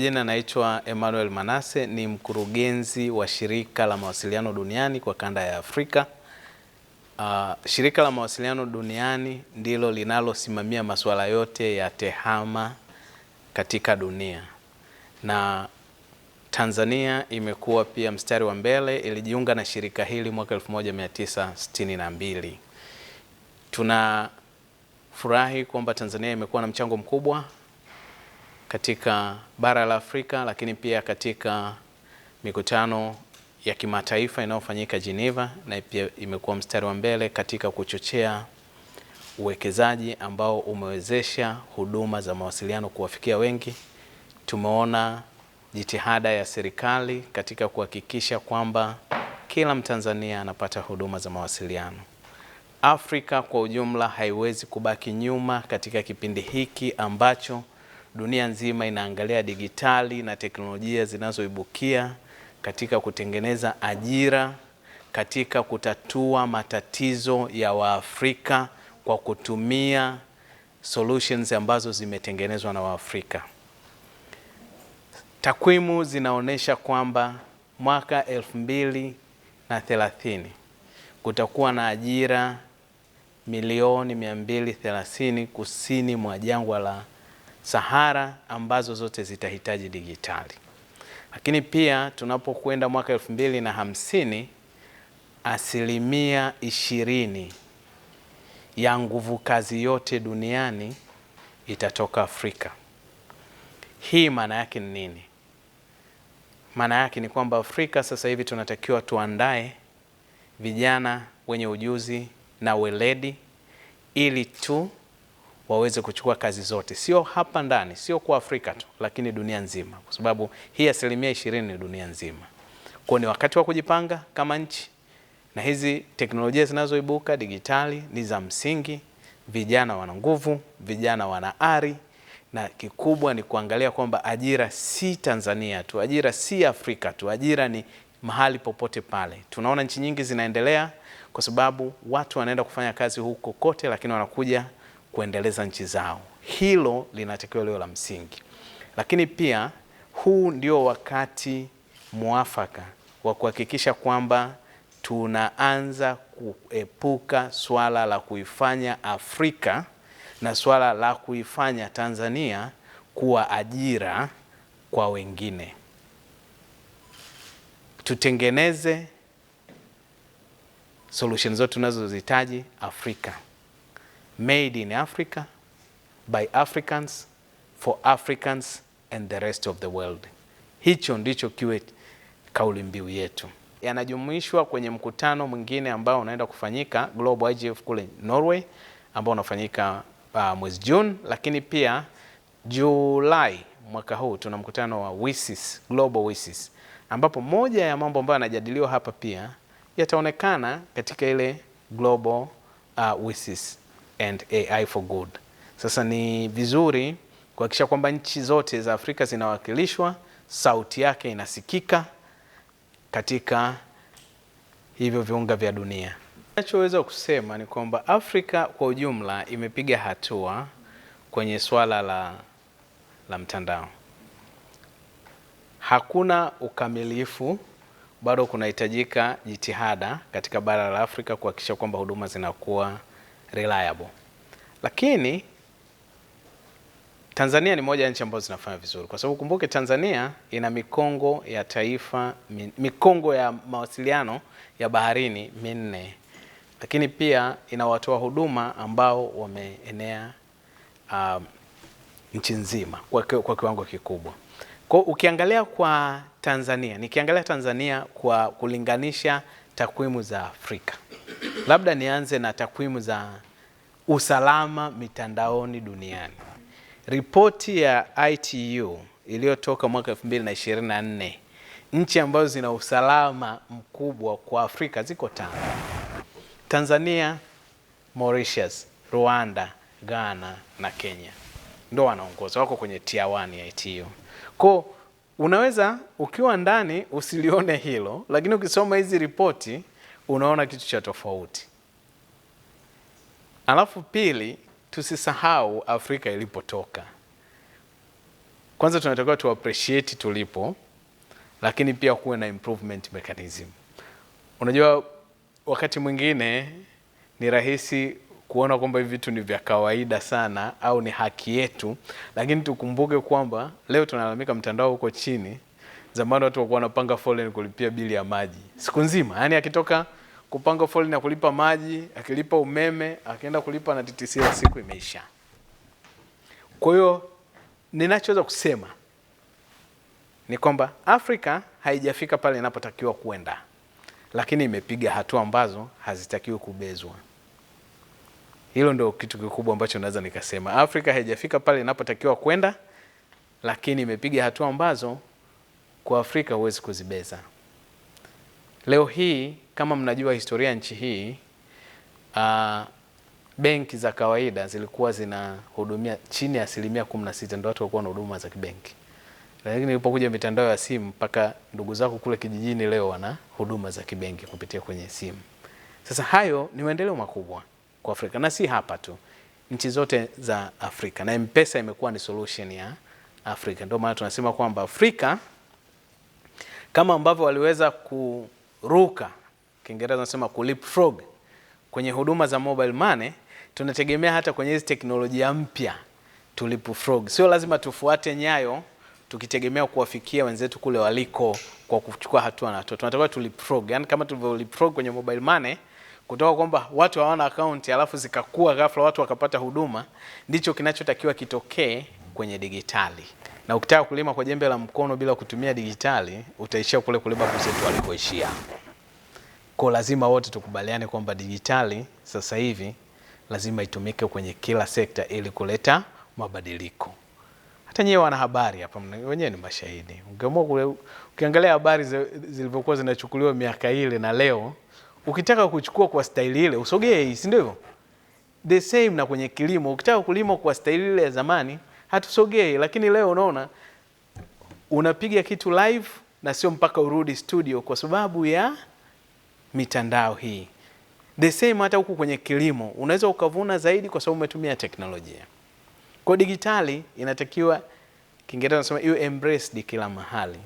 Jina naitwa Emmanuel Manase, ni mkurugenzi wa shirika la mawasiliano duniani kwa kanda ya Afrika. Uh, shirika la mawasiliano duniani ndilo linalosimamia masuala yote ya tehama katika dunia, na Tanzania imekuwa pia mstari wa mbele, ilijiunga na shirika hili mwaka 1962. Tunafurahi kwamba Tanzania imekuwa na mchango mkubwa katika bara la Afrika, lakini pia katika mikutano ya kimataifa inayofanyika Geneva, na pia imekuwa mstari wa mbele katika kuchochea uwekezaji ambao umewezesha huduma za mawasiliano kuwafikia wengi. Tumeona jitihada ya serikali katika kuhakikisha kwamba kila Mtanzania anapata huduma za mawasiliano. Afrika kwa ujumla haiwezi kubaki nyuma katika kipindi hiki ambacho dunia nzima inaangalia digitali na teknolojia zinazoibukia katika kutengeneza ajira, katika kutatua matatizo ya Waafrika kwa kutumia solutions ambazo zimetengenezwa na Waafrika. Takwimu zinaonyesha kwamba mwaka elfu mbili na thelathini kutakuwa na ajira milioni 230 kusini mwa jangwa la Sahara ambazo zote zitahitaji dijitali. Lakini pia tunapokwenda mwaka elfu mbili na hamsini asilimia ishirini ya nguvu kazi yote duniani itatoka Afrika. Hii maana yake ni nini? Maana yake ni kwamba Afrika sasa hivi tunatakiwa tuandae vijana wenye ujuzi na weledi ili tu waweze kuchukua kazi zote, sio hapa ndani, sio kwa Afrika tu, lakini dunia nzima, kwa sababu hii asilimia ishirini ni dunia nzima. Kwa ni wakati wa kujipanga kama nchi, na hizi teknolojia zinazoibuka digitali ni za msingi. Vijana wana nguvu, vijana wana ari, na kikubwa ni kuangalia kwamba ajira si Tanzania tu, ajira si Afrika tu, ajira ni mahali popote pale. Tunaona nchi nyingi zinaendelea kwa sababu watu wanaenda kufanya kazi huko kote, lakini wanakuja kuendeleza nchi zao. Hilo linatakiwa leo la msingi, lakini pia huu ndio wakati mwafaka wa kuhakikisha kwamba tunaanza kuepuka swala la kuifanya Afrika na swala la kuifanya Tanzania kuwa ajira kwa wengine. Tutengeneze solution zote tunazozihitaji Afrika made in Africa by Africans for Africans and the rest of the world. Hicho ndicho kiwe kauli mbiu yetu. Yanajumuishwa kwenye mkutano mwingine ambao unaenda kufanyika Global IGF kule Norway ambao unafanyika uh, mwezi Juni, lakini pia Julai mwaka huu tuna mkutano wa WISIS, Global WISIS ambapo moja ya mambo ambayo yanajadiliwa hapa pia yataonekana katika ile Global uh, WISIS and AI for good. Sasa ni vizuri kuhakikisha kwamba nchi zote za Afrika zinawakilishwa, sauti yake inasikika katika hivyo viunga vya dunia. Nachoweza kusema ni kwamba Afrika kwa ujumla imepiga hatua kwenye swala la, la mtandao. Hakuna ukamilifu, bado kunahitajika jitihada katika bara la Afrika kuhakikisha kwamba huduma zinakuwa reliable. Lakini Tanzania ni moja ya nchi ambazo zinafanya vizuri kwa sababu kumbuke, Tanzania ina mikongo ya taifa, mikongo ya mawasiliano ya baharini minne, lakini pia ina watoa huduma ambao wameenea um, nchi nzima kwa, kwa kiwango kikubwa. Kwa ukiangalia kwa Tanzania, nikiangalia Tanzania kwa kulinganisha takwimu za Afrika Labda nianze na takwimu za usalama mitandaoni duniani. Ripoti ya ITU iliyotoka mwaka 2024, nchi ambazo zina usalama mkubwa kwa Afrika ziko tano: Tanzania, Mauritius, Rwanda, Ghana na Kenya ndo wanaongoza, wako kwenye tier 1 ya ITU. Kwa unaweza ukiwa ndani usilione hilo, lakini ukisoma hizi ripoti unaona kitu cha tofauti. Alafu pili, tusisahau Afrika ilipotoka. Kwanza tunatakiwa tu appreciate tulipo, lakini pia kuwe na improvement mechanism. Unajua, wakati mwingine ni rahisi kuona kwamba hivi vitu ni vya kawaida sana au ni haki yetu, lakini tukumbuke kwamba leo tunalalamika mtandao huko chini, Zamani watu walikuwa wanapanga foleni kulipia bili ya maji siku nzima, yani akitoka kupanga foleni ya kulipa maji, akilipa umeme, akienda kulipa na TTCL siku imeisha. Kwa hiyo ninachoweza kusema ni kwamba Afrika haijafika pale inapotakiwa kuenda, lakini imepiga hatua ambazo hazitakiwi kubezwa. Hilo ndio kitu kikubwa ambacho naweza nikasema, Afrika haijafika pale inapotakiwa kwenda, lakini imepiga hatua ambazo kwa Afrika huwezi kuzibeza. Leo hii kama mnajua historia nchi hii uh, benki za kawaida zilikuwa zinahudumia chini ya asilimia kumi na sita ndio watu walikuwa na huduma za kibenki, lakini ilipokuja mitandao ya simu mpaka ndugu zako kule kijijini leo wana huduma za kibenki kupitia kwenye simu. Sasa hayo ni maendeleo makubwa kwa Afrika na si hapa tu, nchi zote za Afrika, na M-Pesa imekuwa ni solution ya Afrika. Ndio maana tunasema kwamba Afrika kama ambavyo waliweza kuruka, Kiingereza nasema kulipfrog kwenye huduma za mobile money, tunategemea hata kwenye hizi teknolojia mpya tulipfrog. Sio lazima tufuate nyayo tukitegemea kuwafikia wenzetu kule waliko kwa kuchukua hatua na hatua, tunatakiwa tulipfrog, yani kama tulivyolipfrog kwenye mobile money kutoka kwamba watu hawana akaunti alafu zikakua ghafla, watu wakapata huduma. Ndicho kinachotakiwa kitokee kwenye digitali na ukitaka kulima kwa jembe la mkono bila kutumia dijitali utaishia kule kulima kuzetu alipoishia. Kwa lazima wote tukubaliane kwamba dijitali sasa hivi lazima itumike kwenye kila sekta ili kuleta mabadiliko. Hata nyewe wanahabari hapa wenyewe ni mashahidi. Ungeamua ukiangalia habari zilivyokuwa zinachukuliwa miaka ile na leo, ukitaka kuchukua kwa staili ile usogee, si ndio hivyo? The same na kwenye kilimo, ukitaka kulima kwa staili ile ya zamani hatusogei. Lakini leo unaona unapiga kitu live na sio mpaka urudi studio kwa sababu ya mitandao hii. The same hata huku kwenye kilimo unaweza ukavuna zaidi kwa sababu umetumia teknolojia. Kwa digitali inatakiwa Kiingereza nasema you embraced kila mahali.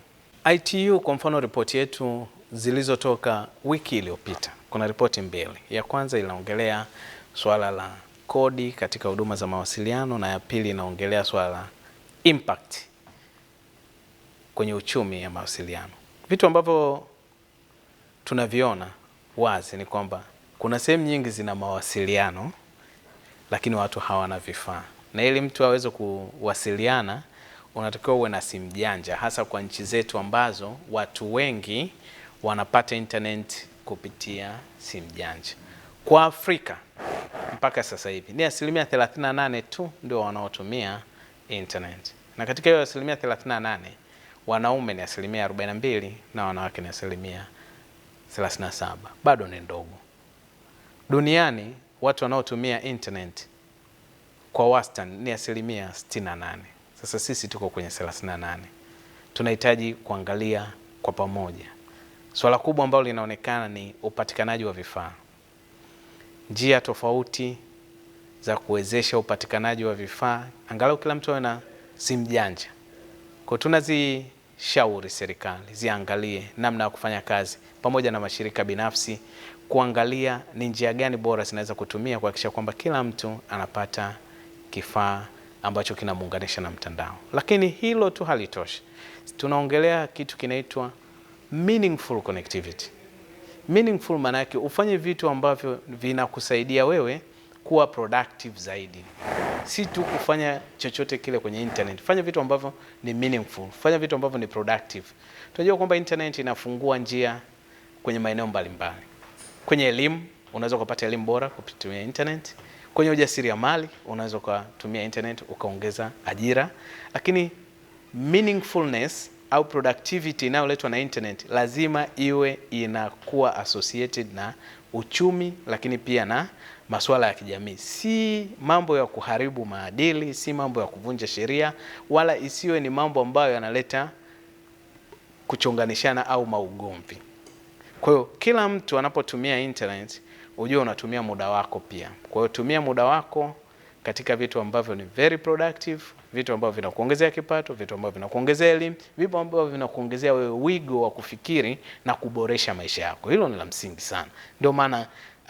ITU kwa mfano ripoti yetu zilizotoka wiki iliyopita kuna ripoti mbili. Ya kwanza inaongelea swala la kodi katika huduma za mawasiliano, na ya pili inaongelea swala la impact kwenye uchumi ya mawasiliano. Vitu ambavyo tunaviona wazi ni kwamba kuna sehemu nyingi zina mawasiliano lakini watu hawana vifaa, na ili mtu aweze kuwasiliana unatakiwa uwe na simu janja, hasa kwa nchi zetu ambazo watu wengi wanapata internet kupitia simu janja. Kwa Afrika mpaka sasa hivi ni asilimia 38 tu ndio wanaotumia internet, na katika hiyo asilimia 38 wanaume ni asilimia 42 na wanawake ni asilimia 37. Bado ni ndogo. Duniani watu wanaotumia internet kwa wastani ni asilimia 68. Sasa sisi tuko kwenye 38. Tunahitaji kuangalia kwa pamoja. Swala kubwa ambalo linaonekana ni upatikanaji wa vifaa njia tofauti za kuwezesha upatikanaji wa vifaa, angalau kila mtu awe na simu janja. Kwa tunazishauri serikali ziangalie namna ya kufanya kazi pamoja na mashirika binafsi kuangalia ni njia gani bora zinaweza kutumia kuhakikisha kwamba kila mtu anapata kifaa ambacho kinamuunganisha na mtandao. Lakini hilo tu halitoshi, tunaongelea kitu kinaitwa meaningful connectivity. Meaningful maana yake ufanye vitu ambavyo vinakusaidia wewe kuwa productive zaidi, si tu kufanya chochote kile kwenye internet. Fanya vitu ambavyo ni meaningful, fanya vitu ambavyo ni productive. Tunajua kwamba internet inafungua njia kwenye maeneo mbalimbali. Kwenye elimu, unaweza ukapata elimu bora kupitia internet. Kwenye ujasiriamali, unaweza ukatumia internet ukaongeza ajira, lakini meaningfulness au productivity inayoletwa na internet lazima iwe inakuwa associated na uchumi, lakini pia na masuala ya kijamii. Si mambo ya kuharibu maadili, si mambo ya kuvunja sheria, wala isiwe ni mambo ambayo yanaleta kuchonganishana au maugomvi. Kwa hiyo kila mtu anapotumia internet, ujue unatumia muda wako pia. Kwa hiyo tumia muda wako katika vitu ambavyo ni very productive, vitu ambavyo vinakuongezea kipato, vitu ambavyo vinakuongezea elimu, vitu ambavyo vinakuongezea wewe wigo wa kufikiri na kuboresha maisha yako. Hilo ni la msingi sana, ndio maana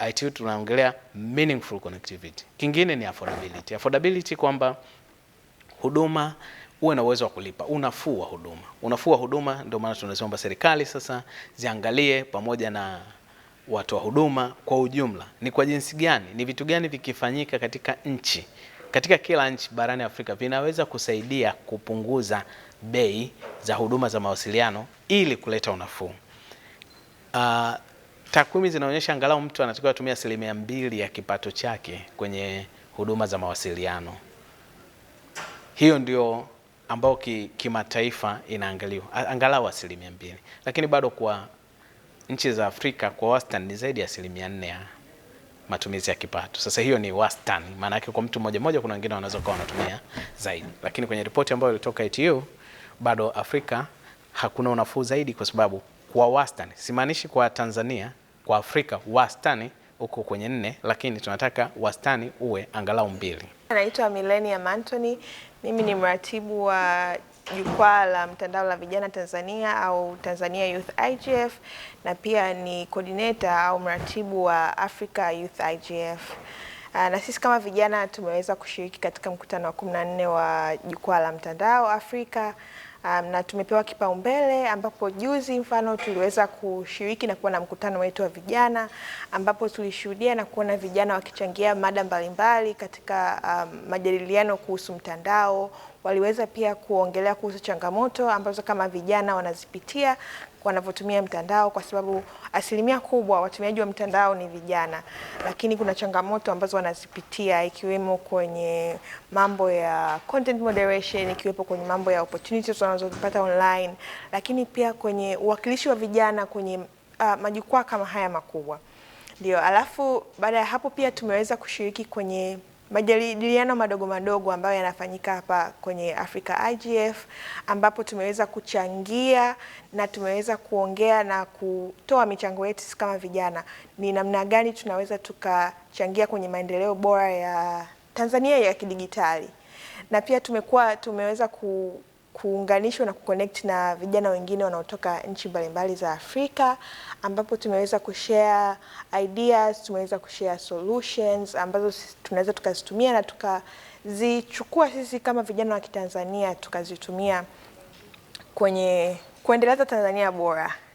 ITU tunaongelea meaningful connectivity. Kingine ni affordability. Affordability kwamba huduma uwe na uwezo wa kulipa, unafuu wa huduma, unafuu wa huduma. Ndio maana tunasema serikali sasa ziangalie pamoja na watoa huduma kwa ujumla, ni kwa jinsi gani, ni vitu gani vikifanyika katika nchi, katika kila nchi barani Afrika vinaweza kusaidia kupunguza bei za huduma za mawasiliano ili kuleta unafuu. Uh, takwimu zinaonyesha angalau mtu anatakiwa kutumia asilimia mbili ya kipato chake kwenye huduma za mawasiliano. Hiyo ndio ambao kimataifa ki inaangaliwa, angalau asilimia mbili, lakini bado kwa nchi za Afrika kwa wastani ni zaidi ya asilimia nne ya matumizi ya kipato. Sasa hiyo ni wastani, maana yake kwa mtu mmoja mmoja, kuna wengine wanaweza kuwa wanatumia zaidi, lakini kwenye ripoti ambayo ilitoka ITU bado Afrika hakuna unafuu zaidi, kwa sababu kwa wastani, simaanishi kwa Tanzania, kwa Afrika wastani uko kwenye nne, lakini tunataka wastani uwe angalau mbili. Naitwa Milenia Anthony, mimi ni mratibu wa jukwaa la mtandao la vijana Tanzania au Tanzania Youth IGF na pia ni coordinator au mratibu wa Africa Youth IGF. Ah, na sisi kama vijana tumeweza kushiriki katika mkutano wa 14 wa jukwaa la mtandao Afrika um, na tumepewa kipaumbele ambapo juzi mfano tuliweza kushiriki na kuwa na mkutano wetu wa vijana ambapo tulishuhudia na kuona vijana wakichangia mada mbalimbali katika um, majadiliano kuhusu mtandao waliweza pia kuongelea kuhusu changamoto ambazo kama vijana wanazipitia wanavyotumia mtandao, kwa sababu asilimia kubwa watumiaji wa mtandao ni vijana, lakini kuna changamoto ambazo wanazipitia ikiwemo kwenye mambo ya content moderation, ikiwepo kwenye mambo ya opportunities wanazopata online, lakini pia kwenye uwakilishi wa vijana kwenye uh, majukwaa kama haya makubwa. Ndio, alafu baada ya hapo pia tumeweza kushiriki kwenye majadiliano madogo madogo ambayo yanafanyika hapa kwenye Africa IGF ambapo tumeweza kuchangia na tumeweza kuongea na kutoa michango yetu kama vijana, ni namna gani tunaweza tukachangia kwenye maendeleo bora ya Tanzania ya kidigitali, na pia tumekuwa tumeweza ku kuunganishwa na kuconnect na vijana wengine wanaotoka nchi mbalimbali za Afrika, ambapo tumeweza kushare ideas, tumeweza kushare solutions ambazo tunaweza tukazitumia na tukazichukua sisi kama vijana wa Kitanzania tukazitumia kwenye kuendeleza Tanzania bora.